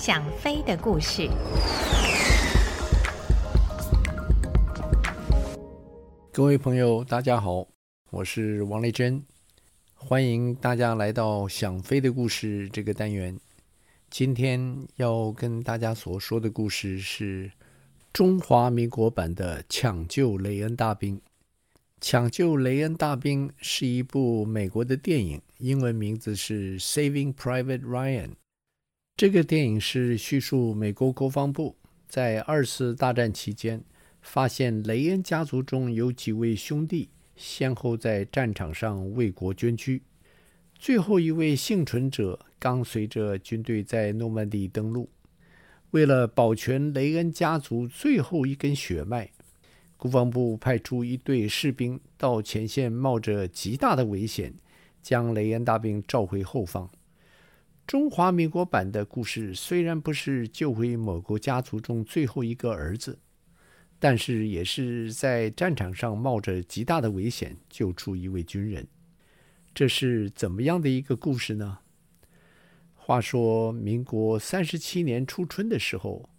想飛的故事，各位朋友，大家好，我是王麗珍，歡迎大家來到想飛的故事這個單元。今天要跟大家所說的故事是中華民國版的《搶救雷恩大兵》。《搶救雷恩大兵》是一部美國的電影，英文名字是《Saving Private Ryan》。這個電影是敘述美國國防部在二次大戰期間發現雷恩家族中有幾位兄弟先後在戰場上為國捐軀，最後一位倖存者剛隨着軍隊在諾曼底登陸。為了保全雷恩家族最後一根血脈，國防部派出一隊士兵到前線，冒着極大的危險將雷恩大兵召回後方。中華民國版的故事雖然不是救回某個家族中最後一個兒子，但是也是在戰場上冒着極大的危險救出一位軍人。這是怎麼樣的一個故事呢？話說民國三十七年初春的時候，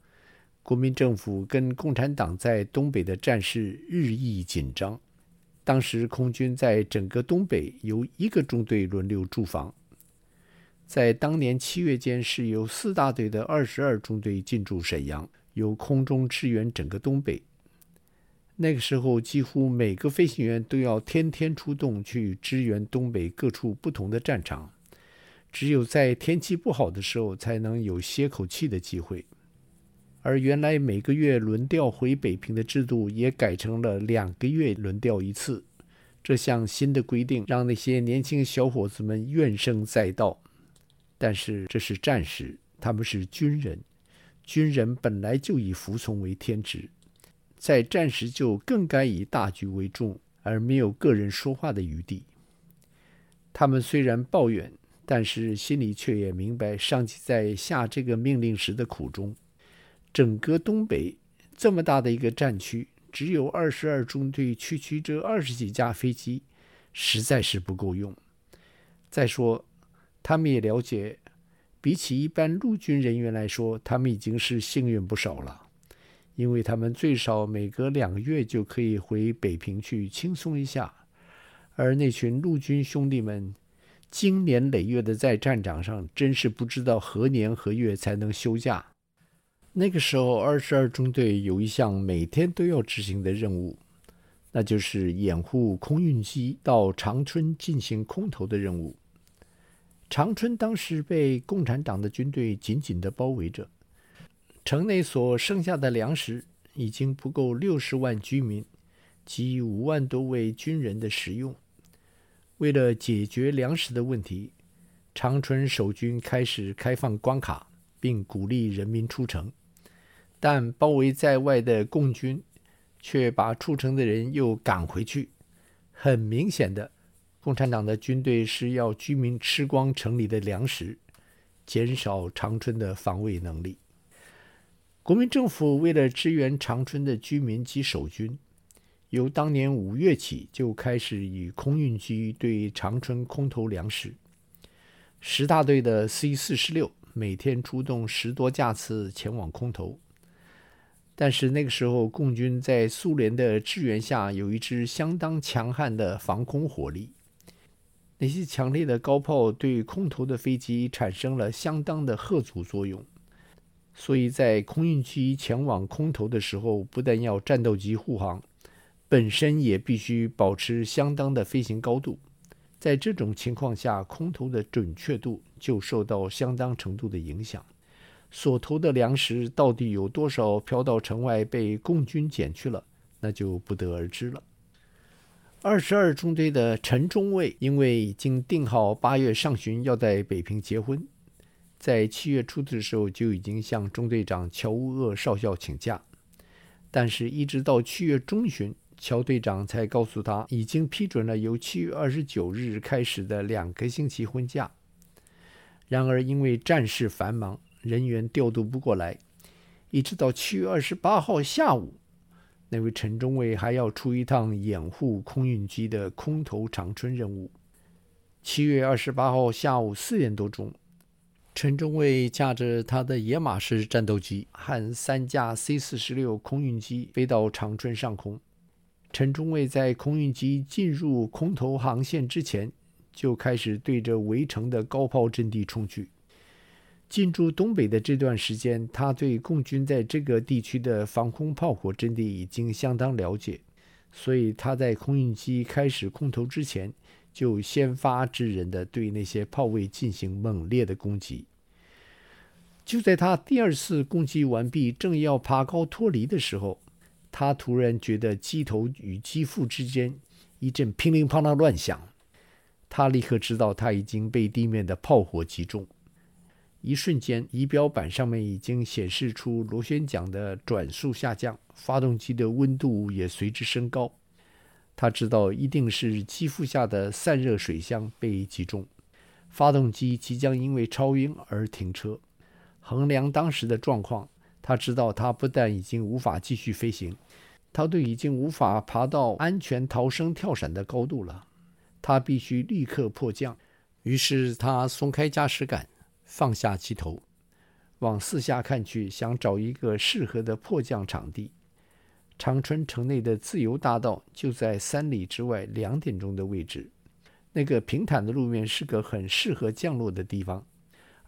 國民政府跟共產黨在東北的戰事日益緊張。當時空軍在整個東北由一個中隊輪流駐防。在當年七月間，是由四大隊的二十二中隊進駐沈陽，由空中支援整個東北。那個時候，幾乎每個飛行員都要天天出動去支援東北各處不同的戰場，只有在天氣不好的時候，才能有歇口氣的機會。而原來每個月輪調回北平的制度，也改成了兩個月輪調一次。這項新的規定讓那些年輕小伙子們怨聲載道。但是這是戰時，他們是軍人，軍人本來就以服從為天職，在戰時就更該以大局為重，而沒有個人說話的餘地。他們雖然抱怨，但是心裡卻也明白上級在下這個命令時的苦衷。整個東北這麼大的一個戰區，只有二十二中隊區區這二十幾架飛機，實在是不夠用。再說，他們也了解，比起一般陸軍人員來說，他們已經是幸運不少了，因為他們最少每隔兩個月就可以回北平去輕鬆一下，而那群陸軍兄弟們，經年累月的在戰場上，真是不知道何年何月才能休假。那個時候，二十二中隊有一項每天都要執行的任務，那就是掩護空運機到長春進行空投的任務。長春當時被共產黨的軍隊緊緊地包圍着，城內所剩下的糧食已經不夠六十萬居民及五萬多位軍人的食用。為了解決糧食的問題，長春守軍開始開放關卡，並鼓勵人民出城。但包圍在外的共軍卻把出城的人又趕回去，很明顯的。共產黨的軍隊是要居民吃光城裡的糧食，減少長春的防衛能力。國民政府為了支援長春的居民及守軍，由當年五月起就開始以空運機對長春空投糧食。十大隊的 C 四十六每天出動十多架次前往空投，但是那個時候共軍在蘇聯的支援下有一支相當強悍的防空火力。那些強烈的高炮對空投的飛機產生了相當的嚇阻作用，所以在空運機前往空投的時候，不但要戰鬥機護航，本身也必須保持相當的飛行高度。在這種情況下，空投的準確度就受到相當程度的影響，所投的糧食到底有多少飄到城外被共軍撿去了，那就不得而知了。二十二中隊的陳中尉因為已經定好八月上旬要在北平結婚，在七月初的時候就已經向中隊長喬烏厄少校請假，但是一直到七月中旬，喬隊長才告訴他已經批准了由七月二十九日開始的兩個星期婚假。然而因為戰事繁忙，人員調度不過來，一直到七月二十八號下午。那位陳中尉還要出一趟掩護空運機的空投長春任務。七月二十八號下午四點多鐘，陳中尉駕着他的野馬式戰鬥機和三架 C 四十六空運機飛到長春上空。陳中尉在空運機進入空投航線之前，就開始對着圍城的高炮陣地衝去。進駐東北的這段時間，他對共軍在這個地區的防空炮火陣地已經相當了解，所以他在空運機開始空投之前，就先發制人的對那些炮位進行猛烈的攻擊。就在他第二次攻擊完畢，正要爬高脫離的時候，他突然覺得機頭與機腹之間一陣乒鈴乓啷亂響，他立刻知道他已經被地面的炮火擊中。一瞬間，儀表板上面已經顯示出螺旋槳的轉速下降，發動機的溫度也隨之升高。他知道一定是機腹下的散熱水箱被擊中，發動機即將因為超音而停車。衡量當時的狀況，他知道他不但已經無法繼續飛行，他都已經無法爬到安全逃生跳傘的高度了。他必須立刻迫降。於是他鬆開駕駛桿。放下機頭，往四下看去，想找一個適合的迫降場地。長春城內的自由大道就在三里之外，兩點鐘的位置。那個平坦的路面是個很適合降落的地方。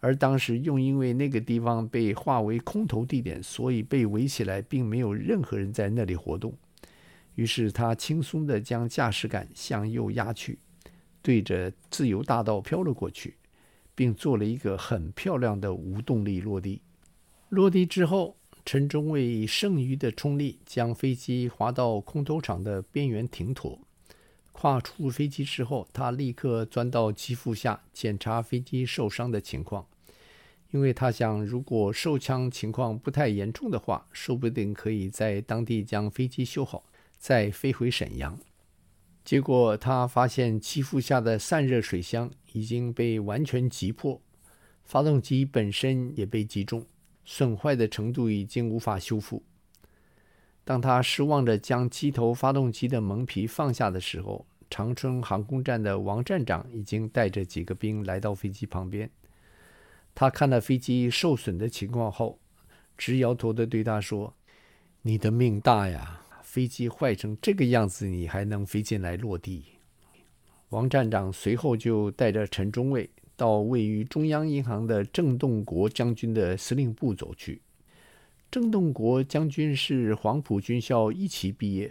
而當時又因為那個地方被劃為空投地點，所以被圍起來，並沒有任何人在那裡活動。於是他輕鬆的將駕駛桿向右壓去，對着自由大道飄了過去。並做了一個很漂亮的無動力落地。落地之後，陳中尉剩餘的衝力將飛機滑到空投場的邊緣停妥。跨出飛機之後，他立刻鑽到機腹下檢查飛機受傷的情況，因為他想，如果受傷情況不太嚴重的話，說不定可以在當地將飛機修好，再飛回沈陽。結果，他發現機腹下的散熱水箱已經被完全擊破，發動機本身也被擊中，損壞的程度已經無法修復。當他失望着將機頭發動機的蒙皮放下的時候，長春航空站的王站長已經帶着幾個兵來到飛機旁邊。他看了飛機受損的情況後，直搖頭地對他說：“你的命大呀！”飛機壞成這個樣子，你還能飛進來落地？王站長隨後就帶着陳中尉到位於中央銀行的鄭洞國將軍的司令部走去。鄭洞國將軍是黃埔軍校一期畢業，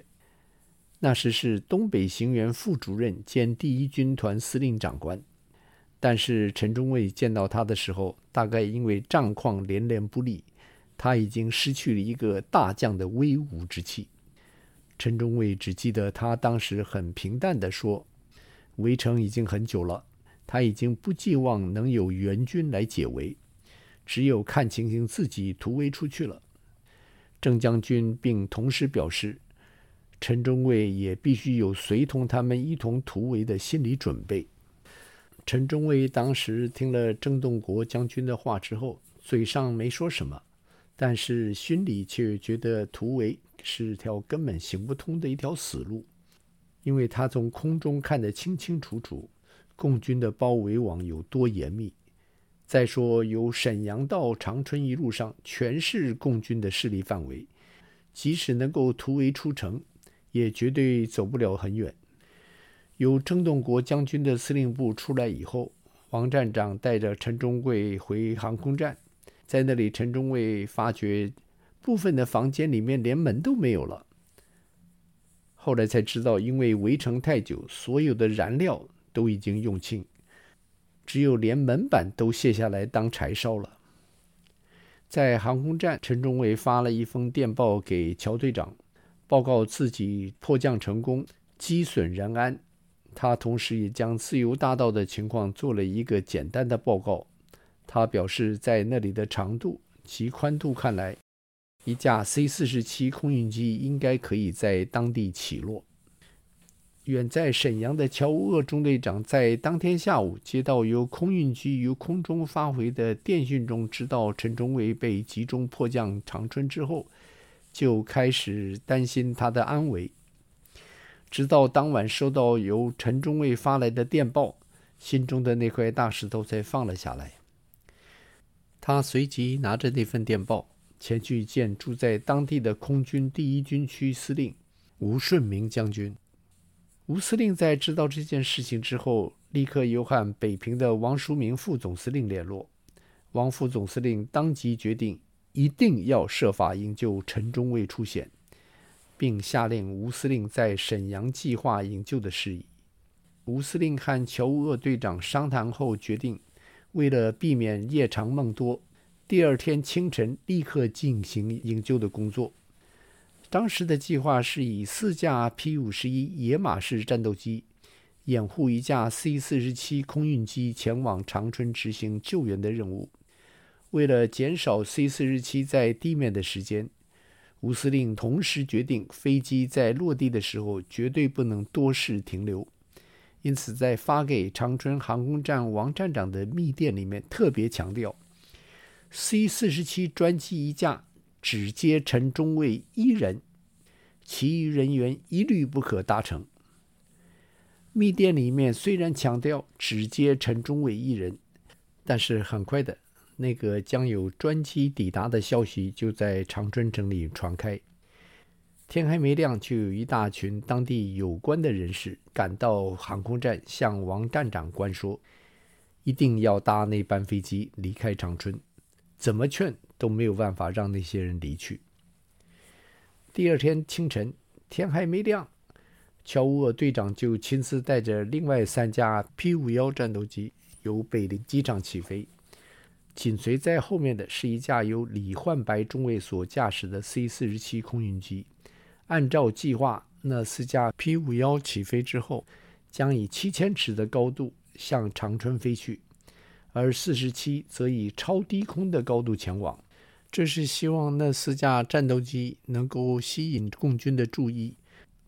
那時是東北行轅副主任兼第一軍團司令長官。但是陳中尉見到他的時候，大概因為戰況連連不利，他已經失去了一個大將的威武之氣。陳中尉只記得他當時很平淡地說：“圍城已經很久了，他已經不寄望能有援軍來解圍，只有看情形自己突圍出去了。”鄭將軍並同時表示，陳中尉也必須有隨同他們一同突圍的心理準備。陳中尉當時聽了鄭洞國將軍的話之後，嘴上沒說什麼，但是心裡卻覺得突圍。是條根本行不通的一條死路，因為他從空中看得清清楚楚，共軍的包圍網有多嚴密。再說，由瀋陽到長春一路上全是共軍的勢力範圍，即使能夠突圍出城，也絕對走不了很遠。由鄭洞國將軍的司令部出來以後，黃站長帶着陳忠貴回航空站，在那裡，陳忠貴發覺。部分的房間裡面連門都沒有了。後來才知道，因為圍城太久，所有的燃料都已經用盡，只有連門板都卸下來當柴燒了。在航空站，陳忠偉發了一封電報給喬隊長，報告自己迫降成功，機損人安。他同時也將自由大道的情況做了一個簡單的報告。他表示，在那裡的長度及寬度看來。一架 C 四十七空運機應該可以在當地起落。遠在瀋陽的喬沃中隊長在當天下午接到由空運機由空中發回的電訊中，知道陳中尉被擊中迫降長春之後，就開始擔心他的安危。直到當晚收到由陳中尉發來的電報，心中的那塊大石頭才放了下來。他隨即拿着那份電報。前去見駐在當地的空軍第一軍區司令吳順明將軍。吳司令在知道這件事情之後，立刻又和北平的王叔銘副總司令聯絡。王副總司令當即決定，一定要設法營救陳中尉出險，並下令吳司令在瀋陽計劃營救的事宜。吳司令和喬吾惡隊長商談後，決定，為了避免夜長夢多。第二天清晨，立刻進行營救的工作。當時的計劃是以四架 P-51 野馬式戰鬥機掩護一架 C-47 空運機前往長春執行救援的任務。為了減少 C-47 在地面的時間，吳司令同時決定飛機在落地的時候絕對不能多事停留。因此，在發給長春航空站王站長的密電裡面特別強調。C 四十七專機一架，只接陳中尉一人，其餘人員一律不可搭乘。密電裡面雖然強調只接陳中尉一人，但是很快的那個將有專機抵達的消息就在長春城裡傳開。天還沒亮，就有一大群當地有關的人士趕到航空站，向王站長官說：“一定要搭那班飛機離開長春。”怎麼勸都沒有辦法讓那些人離去。第二天清晨，天還沒亮，喬烏爾隊長就親自帶着另外三架 P 五幺戰鬥機由北陵機場起飛，緊隨在後面的是一架由李煥白中尉所駕駛的 C 四十七空運機。按照計劃，那四架 P 五幺起飛之後，將以七千尺的高度向長春飛去。而四十七則以超低空的高度前往，這是希望那四架戰鬥機能夠吸引共軍的注意，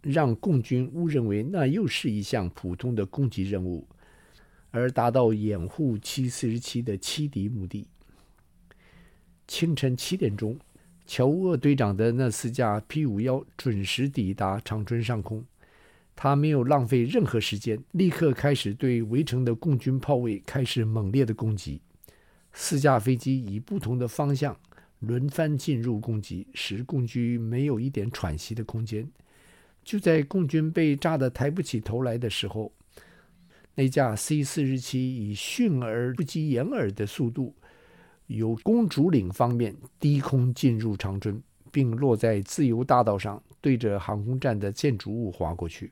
讓共軍誤認為那又是一項普通的攻擊任務，而達到掩護 C-47 的欺敵目的。清晨七點鐘，喬沃隊長的那四架 P 五幺準時抵達長春上空。他沒有浪費任何時間，立刻開始對圍城的共軍炮位開始猛烈的攻擊。四架飛機以不同的方向輪番進入攻擊，使共軍沒有一點喘息的空間。就在共軍被炸得抬不起頭來的時候，那架 C 四十七以迅而不及掩耳的速度，由公主嶺方面低空進入長春，並落在自由大道上，對着航空站的建築物滑過去。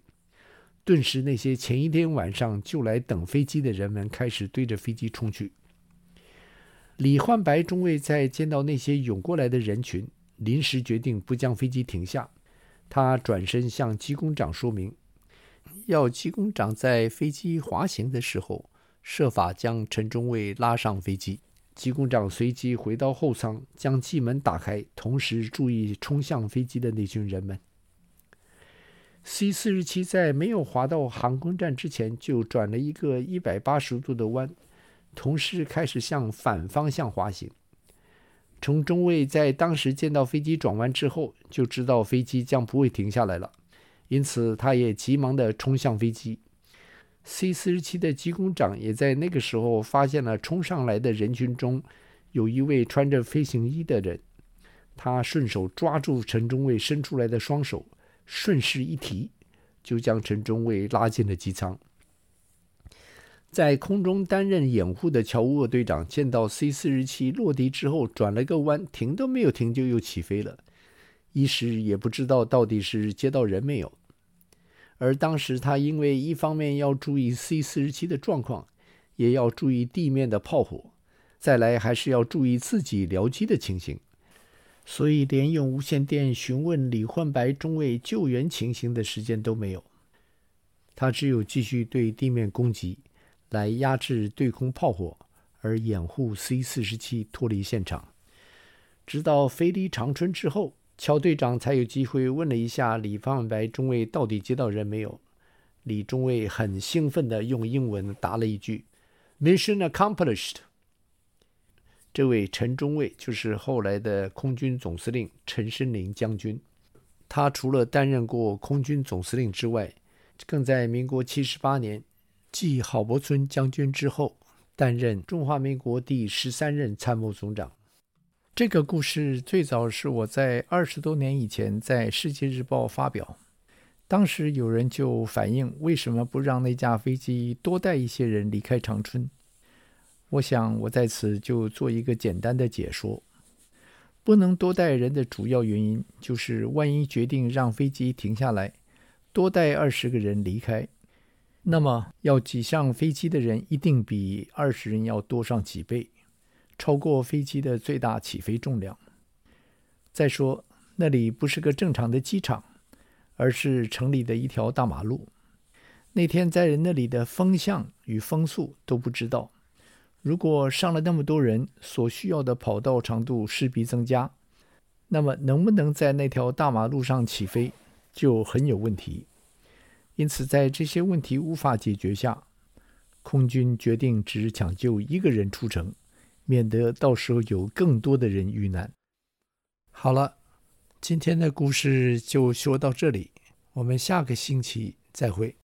頓時，那些前一天晚上就來等飛機的人們開始對着飛機衝去。李煥白中尉在見到那些湧過來的人群，臨時決定不將飛機停下。他轉身向機工長說明，要機工長在飛機滑行的時候設法將陳中尉拉上飛機。機工長隨即回到後艙，將機門打開，同時注意衝向飛機的那群人們。C 四十七在沒有滑到航空站之前就轉了一個一百八十度的彎，同時開始向反方向滑行。陳中尉在當時見到飛機轉彎之後，就知道飛機將不會停下來了，因此他也急忙地衝向飛機。C 四十七的機工長也在那個時候發現了衝上來的人群中有一位穿着飛行衣的人，他順手抓住陳中尉伸出來的雙手。順勢一提，就將陳中尉拉進了機艙。在空中擔任掩護的喬烏厄隊長見到 C-47 落地之後轉了個彎，停都沒有停就又起飛了，一時也不知道到底是接到人沒有。而當時他因為一方面要注意 C-47 的狀況，也要注意地面的炮火，再來還是要注意自己僚機的情形。所以連用無線電詢問李煥白中尉救援情形的時間都沒有，他只有繼續對地面攻擊，來壓制對空炮火，而掩護 C 四十七脫離現場。直到飛離長春之後，喬隊長才有機會問了一下李煥白中尉到底接到人沒有。李中尉很興奮地用英文答了一句：“Mission accomplished。”這位陳中尉，就是後來的空軍總司令陳深林將軍。他除了擔任過空軍總司令之外，更在民國七十八年繼郝柏村將軍之後擔任中華民國第十三任參謀總長。這個故事最早是我在二十多年以前在《世界日報》發表，當時有人就反映：為什麼不讓那架飛機多帶一些人離開長春？我想，我在此就做一個簡單的解說。不能多帶人的主要原因，就是萬一決定讓飛機停下來，多帶二十個人離開，那麼要擠上飛機的人一定比二十人要多上幾倍，超過飛機的最大起飛重量。再說，那裡不是個正常的機場，而是城裡的一條大馬路。那天在那裡的風向與風速都不知道。如果上了那麼多人，所需要的跑道長度勢必增加，那麼能不能在那條大馬路上起飛，就很有問題。因此，在這些問題無法解決下，空軍決定只搶救一個人出城，免得到時候有更多的人遇難。好了，今天的故事就說到這裡，我們下個星期再會。